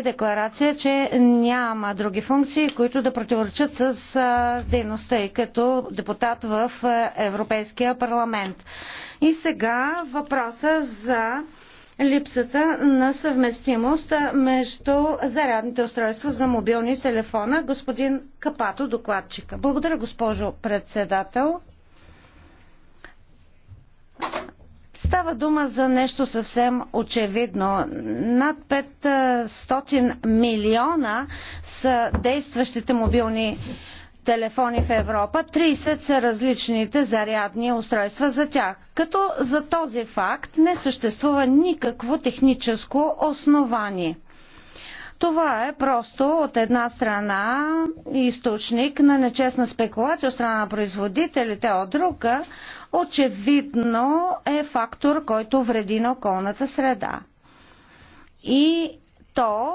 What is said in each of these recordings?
е декларация, че няма други функции, които да противоречат с дейността и като депутат в Европейския парламент. И сега въпроса за липсата на съвместимост между зарядните устройства за мобилни телефона. Господин Капато, докладчика. Благодаря, госпожо председател. Става дума за нещо съвсем очевидно. Над 500 милиона са действащите мобилни телефони в Европа, 30 са различните зарядни устройства за тях. Като за този факт не съществува никакво техническо основание. Това е просто от една страна източник на нечестна спекулация от страна на производителите, от друга очевидно е фактор, който вреди на околната среда. И то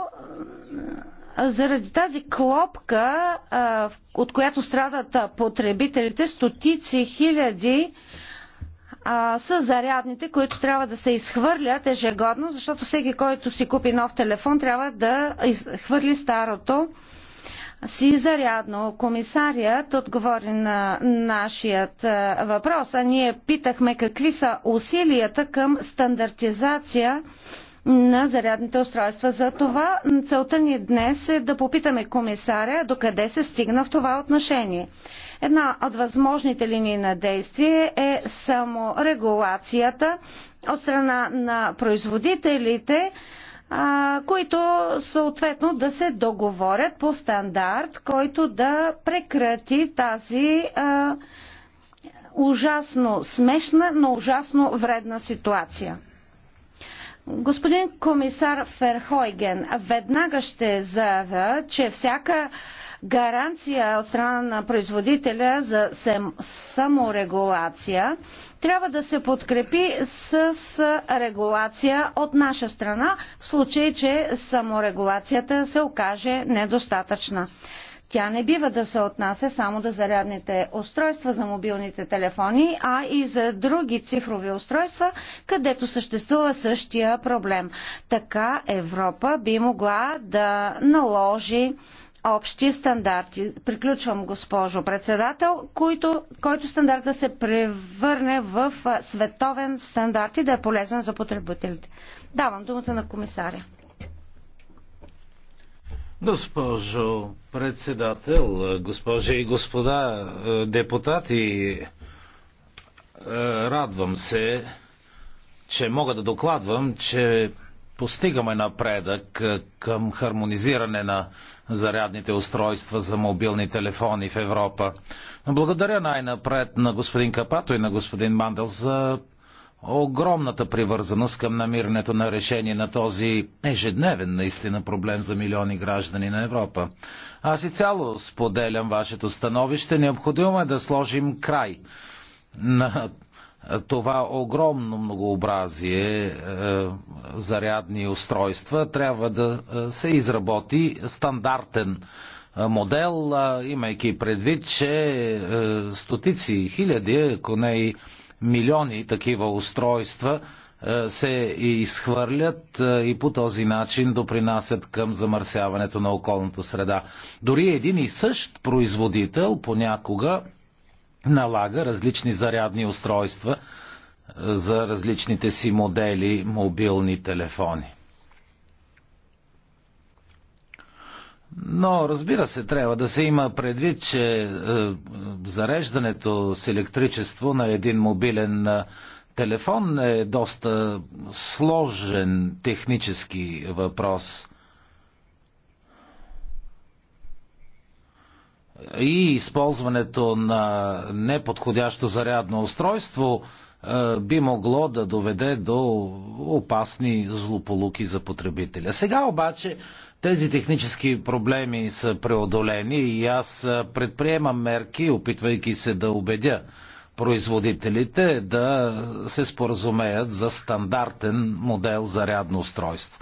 заради тази клопка, от която страдат потребителите, стотици хиляди а, са зарядните, които трябва да се изхвърлят ежегодно, защото всеки, който си купи нов телефон, трябва да изхвърли старото си зарядно. Комисарият отговори на нашият въпрос, а ние питахме какви са усилията към стандартизация на зарядните устройства. За това целта ни днес е да попитаме комисаря докъде се стигна в това отношение. Една от възможните линии на действие е саморегулацията от страна на производителите, които съответно да се договорят по стандарт, който да прекрати тази а, ужасно смешна, но ужасно вредна ситуация. Господин комисар Ферхойген, веднага ще заявя, че всяка гаранция от страна на производителя за саморегулация, трябва да се подкрепи с регулация от наша страна, в случай, че саморегулацията се окаже недостатъчна. Тя не бива да се отнася само до зарядните устройства за мобилните телефони, а и за други цифрови устройства, където съществува същия проблем. Така Европа би могла да наложи общи стандарти. Приключвам, госпожо председател, който, който стандарт да се превърне в световен стандарт и да е полезен за потребителите. Давам думата на комисаря. Госпожо председател, госпожи и господа е, депутати, е, радвам се, че мога да докладвам, че постигаме напредък е, към хармонизиране на зарядните устройства за мобилни телефони в Европа. Но благодаря най-напред на господин Капато и на господин Мандел за огромната привързаност към намирането на решение на този ежедневен наистина проблем за милиони граждани на Европа. Аз и цяло споделям вашето становище. Необходимо е да сложим край на това огромно многообразие е, зарядни устройства, трябва да е, се изработи стандартен е, модел, имайки предвид, че стотици, хиляди, ако не и милиони такива устройства се изхвърлят и по този начин допринасят към замърсяването на околната среда. Дори един и същ производител понякога налага различни зарядни устройства е, за различните си модели мобилни телефони. Но, разбира се, трябва да се има предвид, че е, зареждането с електричество на един мобилен е, телефон е доста сложен технически въпрос. и използването на неподходящо зарядно устройство е, би могло да доведе до опасни злополуки за потребителя. Сега обаче тези технически проблеми са преодолени и аз предприемам мерки, опитвайки се да убедя производителите да се споразумеят за стандартен модел зарядно устройство.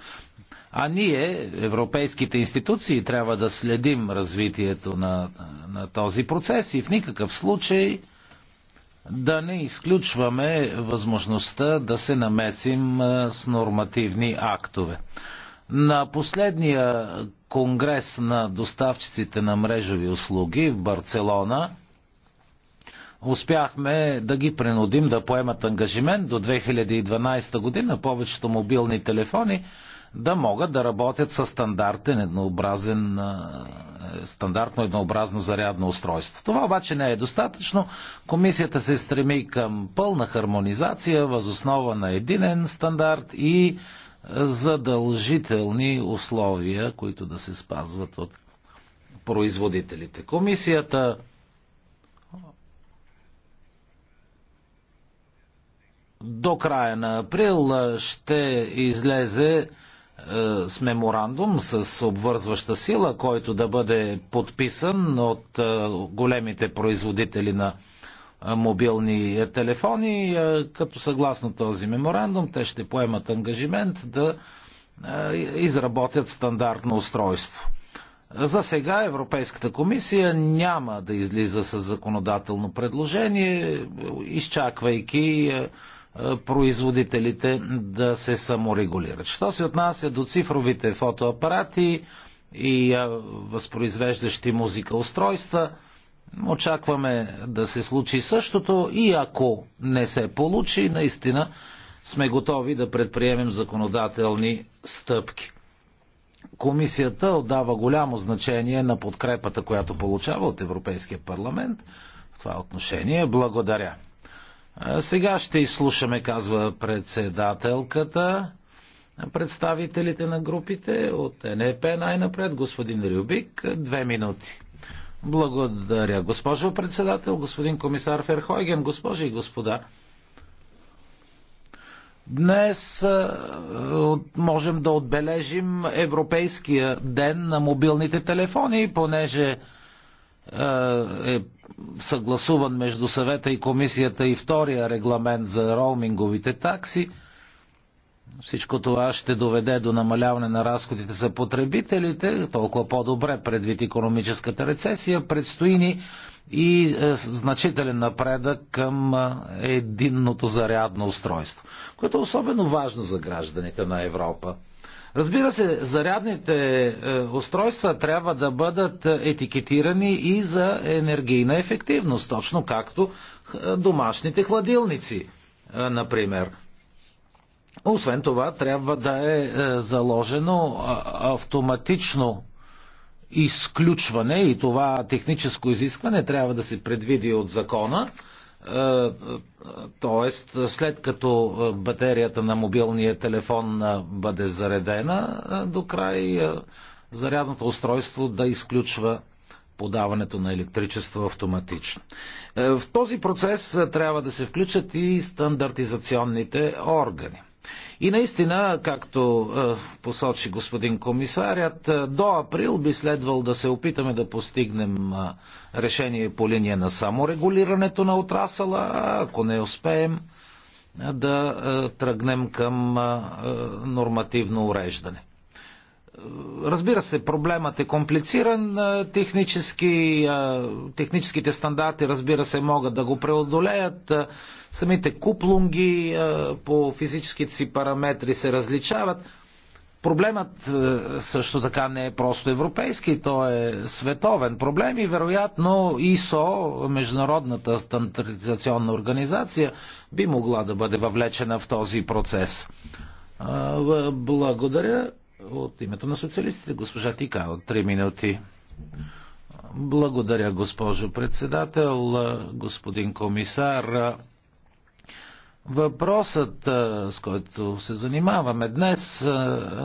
А ние, европейските институции, трябва да следим развитието на, на този процес и в никакъв случай да не изключваме възможността да се намесим с нормативни актове. На последния конгрес на доставчиците на мрежови услуги в Барселона успяхме да ги принудим да поемат ангажимент до 2012 година повечето мобилни телефони да могат да работят с стандартен, еднообразен, стандартно еднообразно зарядно устройство. Това обаче не е достатъчно. Комисията се стреми към пълна хармонизация възоснова на единен стандарт и задължителни условия, които да се спазват от производителите. Комисията до края на април ще излезе е, с меморандум с обвързваща сила, който да бъде подписан от е, големите производители на е, мобилни телефони, като съгласно този меморандум те ще поемат ангажимент да изработят стандартно устройство. За сега Европейската комисия няма да излиза с законодателно предложение, изчаквайки е, производителите да се саморегулират. Що се отнася до цифровите фотоапарати и е, възпроизвеждащи музика устройства, очакваме да се случи същото и ако не се получи, наистина сме готови да предприемем законодателни стъпки. Комисията отдава голямо значение на подкрепата, която получава от Европейския парламент. В това отношение благодаря. Сега ще изслушаме, казва председателката, представителите на групите от НЕП най-напред, господин Рюбик, две минути. Благодаря, госпожо председател, господин комисар Ферхойген, госпожи и господа. Днес можем да отбележим Европейския ден на мобилните телефони, понеже е, е съгласуван между съвета и комисията и втория регламент за роуминговите такси. Всичко това ще доведе до намаляване на разходите за потребителите, толкова по-добре предвид економическата рецесия. Предстои ни и е, значителен напредък към е, единното зарядно устройство, което е особено важно за гражданите на Европа. Разбира се, зарядните е, устройства трябва да бъдат етикетирани и за енергийна ефективност, точно както е, домашните хладилници, е, например. Освен това, трябва да е заложено автоматично изключване и това техническо изискване трябва да се предвиди от закона е, е, тоест, след като е, батерията на мобилния телефон бъде заредена, до край зарядното устройство да изключва подаването на електричество автоматично. В този процес трябва да се включат и стандартизационните органи. И наистина, както е, посочи господин комисарят, е, до април би следвал да се опитаме да постигнем е, решение по линия на саморегулирането на отрасъла, ако не успеем да тръгнем към нормативно уреждане. Разбира се, проблемът е комплициран. Технически, техническите стандарти, разбира се, могат да го преодолеят. Самите куплунги по физическите си параметри се различават. Проблемът също така не е просто европейски, то е световен проблем и вероятно ИСО, Международната стандартизационна организация, би могла да бъде въвлечена в този процес. Благодаря. От името на социалистите, госпожа Тика, от 3 минути. Благодаря, госпожо председател, господин комисар. Въпросът, с който се занимаваме днес,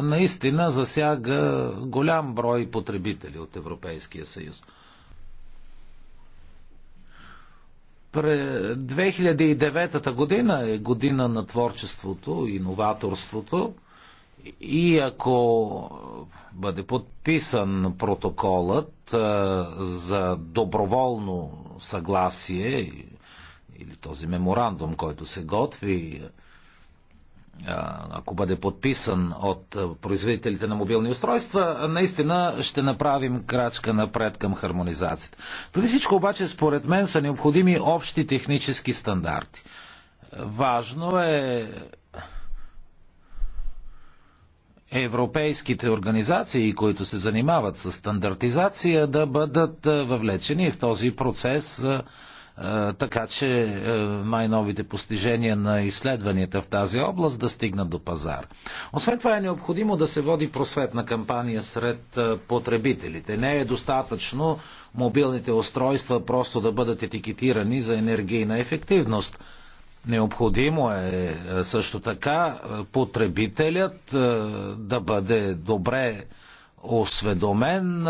наистина засяга голям брой потребители от Европейския съюз. През 2009 година е година на творчеството и новаторството. И ако бъде подписан протоколът за доброволно съгласие или този меморандум, който се готви, ако бъде подписан от производителите на мобилни устройства, наистина ще направим крачка напред към хармонизацията. Преди всичко обаче, според мен, са необходими общи технически стандарти. Важно е европейските организации, които се занимават с стандартизация, да бъдат въвлечени в този процес, така че най-новите постижения на изследванията в тази област да стигнат до пазар. Освен това е необходимо да се води просветна кампания сред потребителите. Не е достатъчно мобилните устройства просто да бъдат етикетирани за енергийна ефективност – Необходимо е, е също така е, потребителят е, да бъде добре осведомен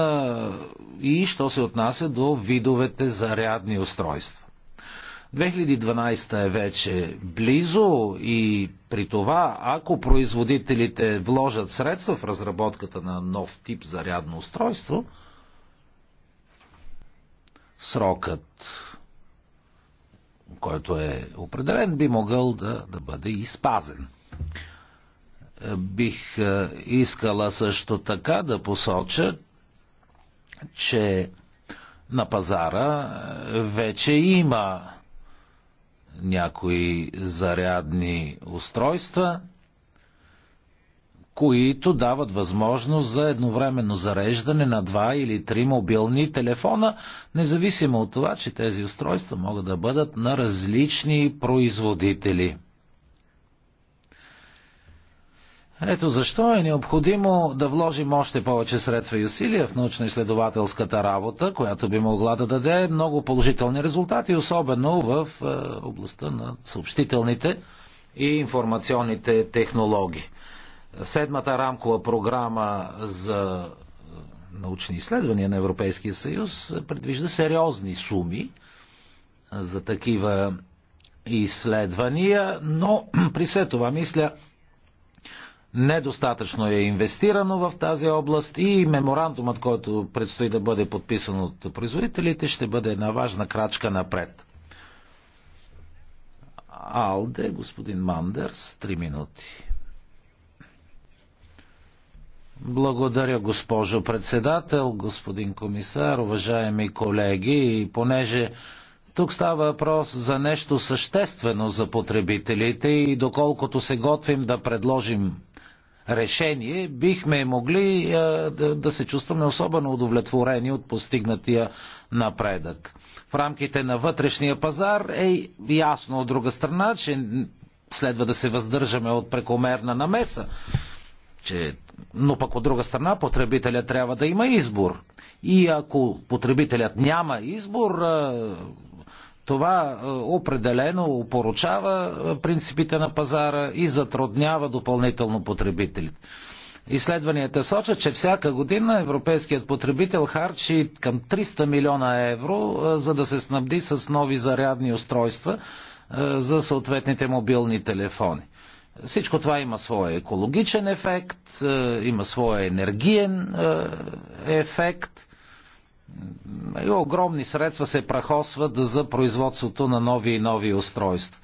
и що се отнася до видовете зарядни устройства. 2012 е вече близо и при това, ако производителите вложат средства в разработката на нов тип зарядно устройство, срокът който е определен, би могъл да, да бъде и спазен. Е, бих е, искала също така да посоча, че на пазара е, вече има някои зарядни устройства – които дават възможност за едновременно зареждане на два или три мобилни телефона, независимо от това, че тези устройства могат да бъдат на различни производители. Ето защо е необходимо да вложим още повече средства и усилия в научно-изследователската работа, която би могла да даде много положителни резултати, особено в е, областта на съобщителните и информационните технологии. Седмата рамкова програма за е, научни изследвания на Европейския съюз предвижда сериозни суми е, за такива изследвания, но при все това мисля, недостатъчно е инвестирано в тази област и меморандумът, който предстои да бъде подписан от производителите, ще бъде една важна крачка напред. Алде, господин Мандерс, 3 минути. Благодаря, госпожо председател, господин комисар, уважаеми колеги. И понеже тук става въпрос за нещо съществено за потребителите и доколкото се готвим да предложим решение, бихме могли е, да се чувстваме особено удовлетворени от постигнатия напредък. В рамките на вътрешния пазар е ясно от друга страна, че следва да се въздържаме от прекомерна намеса че, но пък от друга страна потребителят трябва да има избор. И ако потребителят няма избор, това определено опоручава принципите на пазара и затруднява допълнително потребителите. Изследванията сочат, че всяка година европейският потребител харчи към 300 милиона евро, за да се снабди с нови зарядни устройства за съответните мобилни телефони. Всичко това има своя екологичен ефект, е, има своя енергиен е, ефект. И огромни средства се прахосват за производството на нови и нови устройства.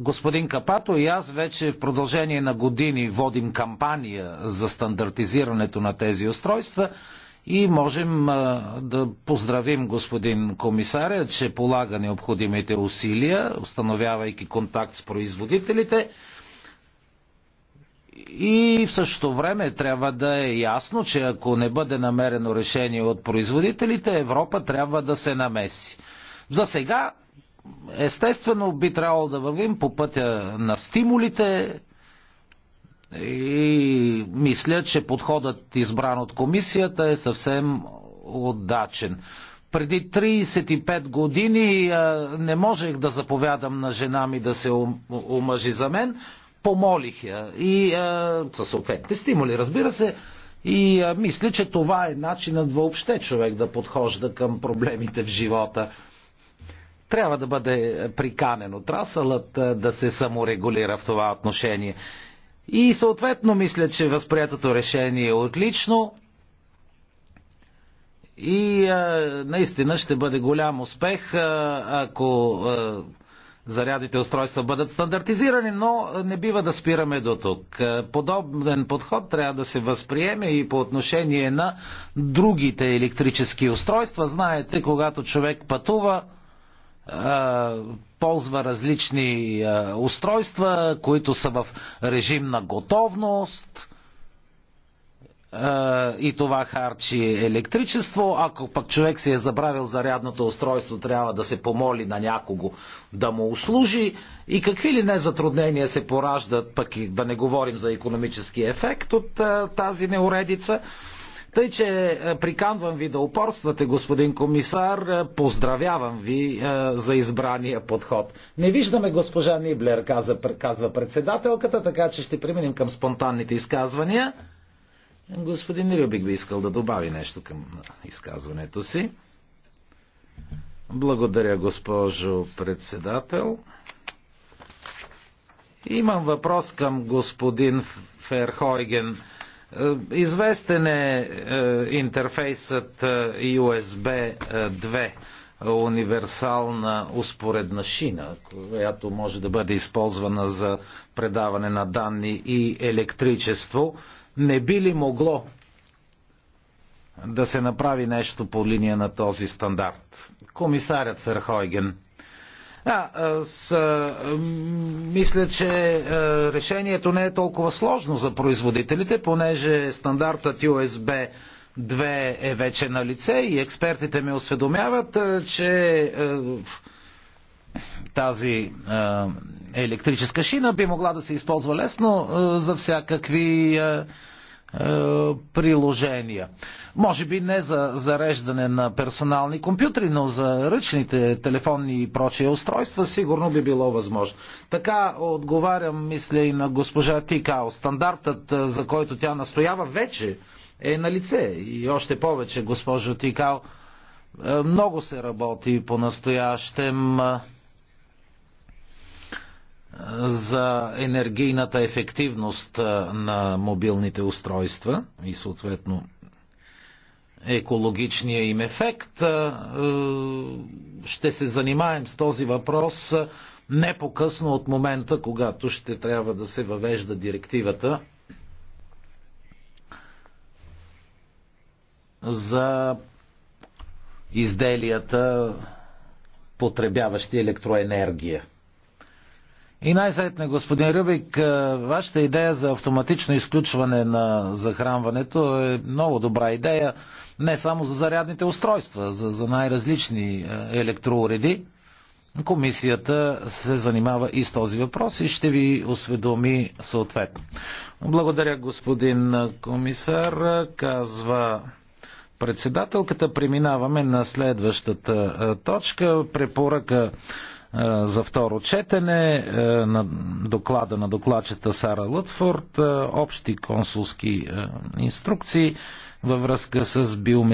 Господин Капато и аз вече в продължение на години водим кампания за стандартизирането на тези устройства и можем е, да поздравим господин комисаря, че полага необходимите усилия, установявайки контакт с производителите и в същото време трябва да е ясно, че ако не бъде намерено решение от производителите, Европа трябва да се намеси. За сега, естествено, би трябвало да вървим по пътя на стимулите и мисля, че подходът избран от комисията е съвсем отдачен преди 35 години не можех да заповядам на жена ми да се омъжи за мен помолих я и със съответните стимули, разбира се, и а, мисля, че това е начинът въобще човек да подхожда към проблемите в живота. Трябва да бъде приканен отрасълът да се саморегулира в това отношение. И съответно мисля, че възприятото решение е отлично и а, наистина ще бъде голям успех, а, ако а, зарядите устройства бъдат стандартизирани, но не бива да спираме до тук. Подобен подход трябва да се възприеме и по отношение на другите електрически устройства. Знаете, когато човек пътува, ползва различни устройства, които са в режим на готовност, е, и това харчи електричество. Ако пък човек си е забравил зарядното устройство, трябва да се помоли на някого да му услужи. И какви ли не затруднения се пораждат, пък и да не говорим за економически ефект от е, тази неуредица. Тъй, че е, приканвам ви да упорствате, господин комисар. Поздравявам ви за избрания подход. Не виждаме госпожа Ниблер, казва председателката, така че ще преминем към спонтанните изказвания. Господин Рюбик би искал да добави нещо към изказването си. Благодаря, госпожо председател. Имам въпрос към господин Ферхойген. Е, известен е, е интерфейсът USB е, 2, универсална успоредна шина, която може да бъде използвана за предаване на данни и електричество. Не би ли могло да се направи нещо по линия на този стандарт? Комисарят Ферхойген. А, с, а, мисля, че а, решението не е толкова сложно за производителите, понеже стандартът USB 2 е вече на лице и експертите ме осведомяват, а, че а, тази електрическа шина би могла да се използва лесно за всякакви приложения. Може би не за зареждане на персонални компютри, но за ръчните телефонни и прочие устройства сигурно би било възможно. Така отговарям, мисля и на госпожа Тикао. Стандартът, за който тя настоява, вече е на лице. И още повече, госпожо Тикао, много се работи по настоящем за енергийната ефективност на мобилните устройства и съответно екологичния им ефект. Ще се занимаем с този въпрос не по-късно от момента, когато ще трябва да се въвежда директивата за изделията, потребяващи електроенергия. И най-сетне, господин Рюбик, е, вашата идея за автоматично изключване на захранването е много добра идея, не само за зарядните устройства, за, за най-различни е, електроуреди. Комисията се занимава и с този въпрос и ще ви осведоми съответно. Благодаря, господин комисар. Казва председателката. Преминаваме на следващата е, точка. Препоръка е, за второ четене е, на доклада на докладчета Сара Лътфорд, е, общи консулски инструкции във връзка с биометрията.